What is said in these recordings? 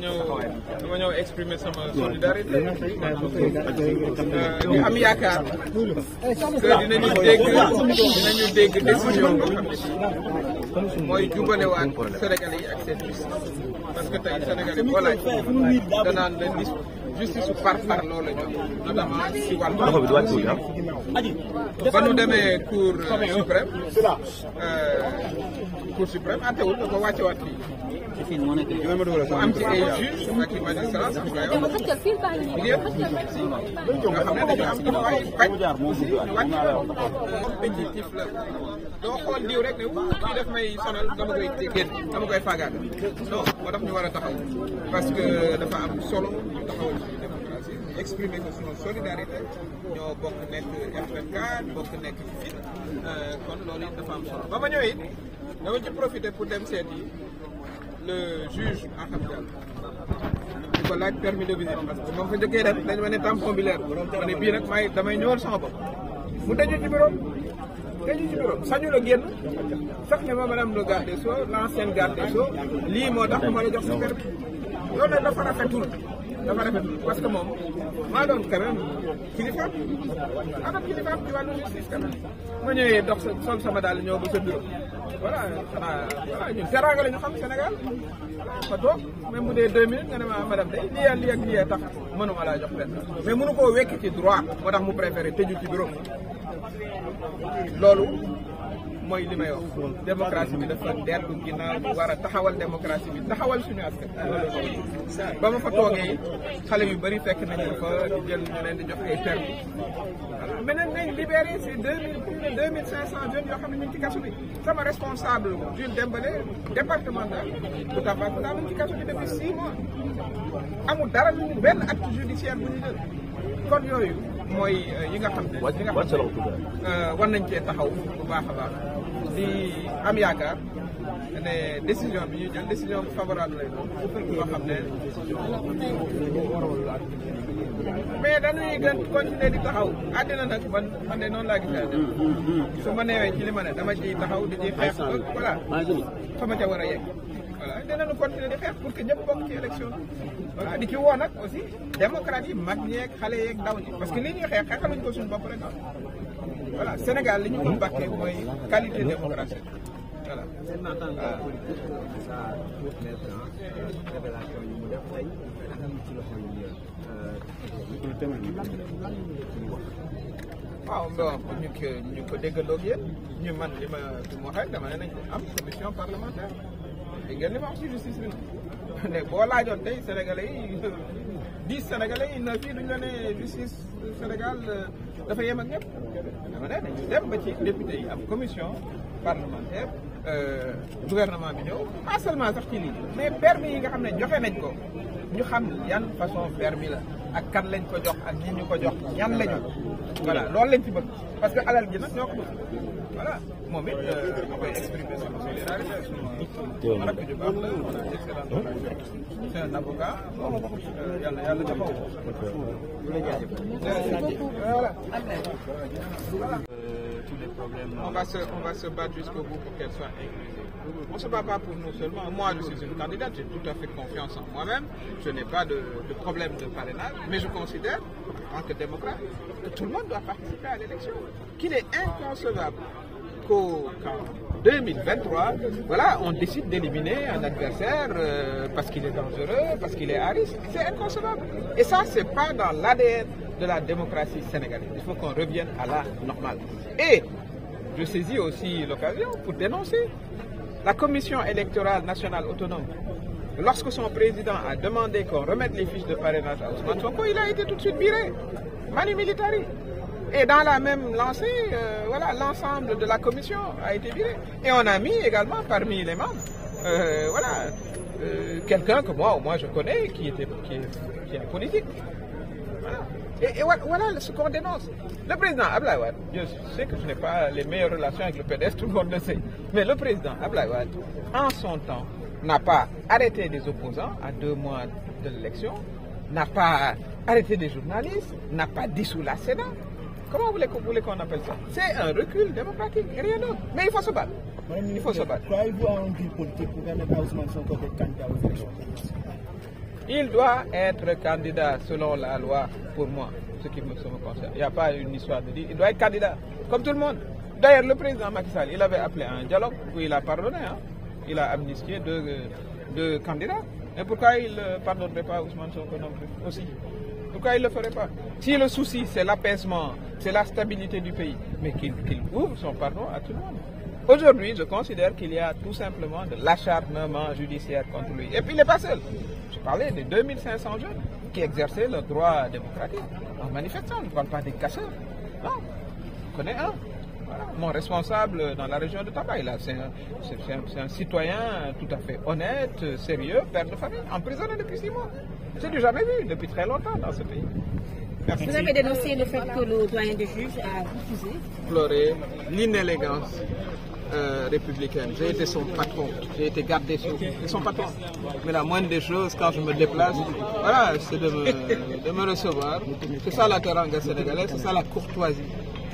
ñëw dama ñëw exprimer sama solidarité euh, ñu am yaakaar que dinañu dégg dinañu dégg décision boo xam ne bi mooy jubalewaat Sénégalais yi ak seen justice parce que tey Sénégalais boo laaj danaan la dis justice su par par loolu la ñu am notamment si wàllu ba nu demee cour suprême euh, cour suprême àttewul da koo wàccewaat fii. li ma dugal am ci ay juge ak i magistrats ñu koy wax. yëpp nga xam ne dañu am ci waay bañ aussi wàcc compétitif la doo xool diw rek ne kii daf may sonal dama koy génn dama koy faagaat non moo tax ñu war a taxaw parce que dafa am solo ñu taxawal ci démocratie exprimer ko sunu solidarité ñoo bokk nekk F24 bokk nekk FIT kon loolu it dafa am solo ba ma ñëwee it. dama ci profité pour dem seeti le juge Akham Diallo di ko laaj permis de visite parce que moom fa njëkkee dem dañ ma ne tampon bi leer ma ne bii nag may damay ñëwal sama bopp mu tëju ci bureau tëju ci bureau sañu la génn sax ne ma madame le garde des sceaux l'ancienne garde des lii moo tax ma la jox sa permis loolu nag dafa rafetul dama rafetlu parce que moom maa doon quand même kilifaam amat kilifaam ci wàllu justice quand même ma ñëwee dox sa sol sama daal ñëw ba sa bureau voilà xanaa voilà ñun teraanga la ñu xam Sénégal ma toog même bu dee deux minutes nga ne ma madame day lii ak lii ak lii tax mënuma laa jox benn mais mënu koo wekk ci droit moo tax mu préféré tëju ci bureau loolu mooy li may wax démocratie bi dafa dellu ginnaaw ñu war a taxawal démocratie bi taxawal suñu askan ba ma fa toogee xale yu bëri fekk nañu fa di jël ñu di jox ay permis voilà di nañ libéré de deux mille cent xam ne ñu ngi ci kaso bi sama responsable d'une Dembélé départemental bu Tambacounda mu ngi ci kaso bi depuis six amul dara lu benn acte judiciaire bu ñu jël kon yooyu mooy euh, yi nga xam ne. yi na xam ne euh, war nañ cee taxaw bu baax a baax. di am yaakaar ne décision bi ñu jël décision favorable lay doon boo xam ne mais dañuy gën continuer di taxaw àddina nag man man de noonu laa gisee su ma neewee ci li ma dama ciy taxaw di ci xeex voilà fa ma ca war a yegg voilà dinañu continuer di xeex pour que ñëpp bokk ci élection voilà di ci woo nag aussi démocrate yi mag ñeeg xale yeeg ndaw ñi parce que lii ñuy xeex xeexaluñ ko suñu bopp rek ah. voilà Sénégal li ñu ko bàkkee mooy qualité démocratique voilà. waaw bon ñu ko ñu ko déggaloog yéen ñu man li ma li ma waxee dama ne am commission parlementaire di li ma wax justice bi ne boo laajoon tey sénégalais yi dix sénégalais yi neuf yi duñ la ne justice. Sénégal euh, dafa yem ak ñëpp dama né dañu dem ba ci député yi am commission parlementaire euh gouvernement bi ñëw pas seulement sax ci lii mais permis yi nga xamné joxé nañ ko ñu xam yan façon permis la ak kan lañ ko jox ak ñi ñu ko jox ñan lañu voilà loolu lañ ci bëgg parce que alal gi nak ñoko bëgg voilà moment on va exprimer son c'est un avocat euh, on va se on va se battre jusqu'au bout pour qu'elle soit inclusive on ne se bat pas pour nous seulement moi je suis une candidate j'ai tout à fait confiance en moi-même je n'ai pas de, de problème de parrainage mais je considère en tant que démocrate, tout le monde doit participer à l'élection. Qu'il est inconcevable qu'en 2023, voilà, on décide d'éliminer un adversaire euh, parce qu'il est dangereux, parce qu'il est à risque. C'est inconcevable. Et ça, ce n'est pas dans l'ADN de la démocratie sénégalaise. Il faut qu'on revienne à la normale. Et je saisis aussi l'occasion pour dénoncer la Commission électorale nationale autonome Lorsque son président a demandé qu'on remette les fiches de parrainage à Ousmane Sonko, il a été tout de suite viré. Mani Militari. Et dans la même lancée, euh, voilà, l'ensemble de la commission a été viré. Et on a mis également parmi les membres, euh, voilà, euh, quelqu'un que moi au moins je connais, qui était, est, politique. Et, voilà ce qu'on dénonce. Le président Ablawad, je sais que je n'ai pas les meilleures relations avec le PDS, tout le monde le sait, mais le président Ablawad, en son temps, n'a pas arrêté des opposants à deux mois de l'élection, n'a pas arrêté des journalistes, n'a pas dissous la Sénat. Comment vous voulez qu'on appelle ça C'est un recul démocratique, rien d'autre. Mais il faut se battre. il faut se battre. vous un politique pour Il doit être candidat selon la loi pour moi, ce qui me concerne. Il n'y a pas une histoire de dire. Il doit être candidat, comme tout le monde. D'ailleurs, le président Macky Sall, il avait appelé un dialogue où il a pardonné. Hein il a amnistié deux, candidats. Et pourquoi il ne euh, pardonnerait pas Ousmane Sonko non plus aussi Pourquoi il ne le ferait pas Si le souci, c'est l'apaisement, c'est la stabilité du pays, mais qu'il ouvre son pardon à tout le monde. Aujourd'hui, je considère qu'il y a tout simplement de l'acharnement judiciaire contre lui. Et puis, il n'est pas seul. Je parlais des 2500 jeunes qui exerçaient leur droit démocratique en manifestant. Je ne parle pas des casseurs. Non, je connais un. Mon responsable dans la région de là, c'est un, un, citoyen tout à fait honnête, sérieux, père de famille, emprisonné depuis six mois. C'est du jamais vu depuis très longtemps dans ce pays. Merci. Vous avez dénoncé le fait que le doyen de juge a refusé. Pleurer l'inélégance euh, républicaine. J'ai été son patron, j'ai été gardé sur sceaux, son patron. Mais la moindre des choses, quand je me déplace, voilà, c'est de, me, recevoir. C'est ça la teranga sénégalaise, c'est ça la courtoisie.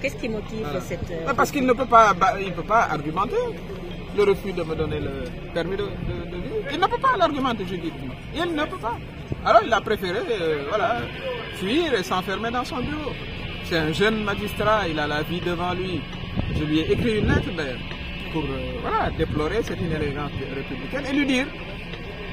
Qu'est-ce qui motive cette... Euh, ah, parce qu'il ne peut pas, il peut pas argumenter le refus de me donner le permis de, vivre. Il ne peut pas l'argumenter je dis. Il ne peut pas. Alors il a préféré euh, voilà, fuir et s'enfermer dans son bureau. C'est un jeune magistrat, il a la vie devant lui. Je lui ai écrit une lettre pour euh, déplorer cette inélégance républicaine et lui dire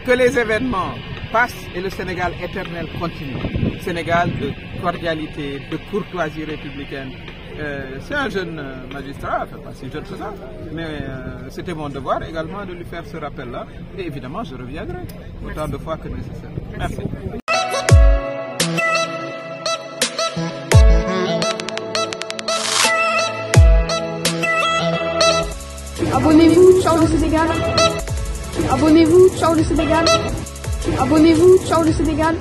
que les événements passent et le Sénégal éternel continue. Sénégal de cordialité, de courtoisie républicaine, euh, c'est un jeune euh, magistrat, pas si jeune que ça, mais euh, c'était mon devoir également de lui faire ce rappel-là. Et évidemment, je reviendrai autant de fois que nécessaire. Merci. Abonnez-vous, Charles le Sénégal. Abonnez-vous, Charles le Sénégal. Abonnez-vous, Charles le Sénégal.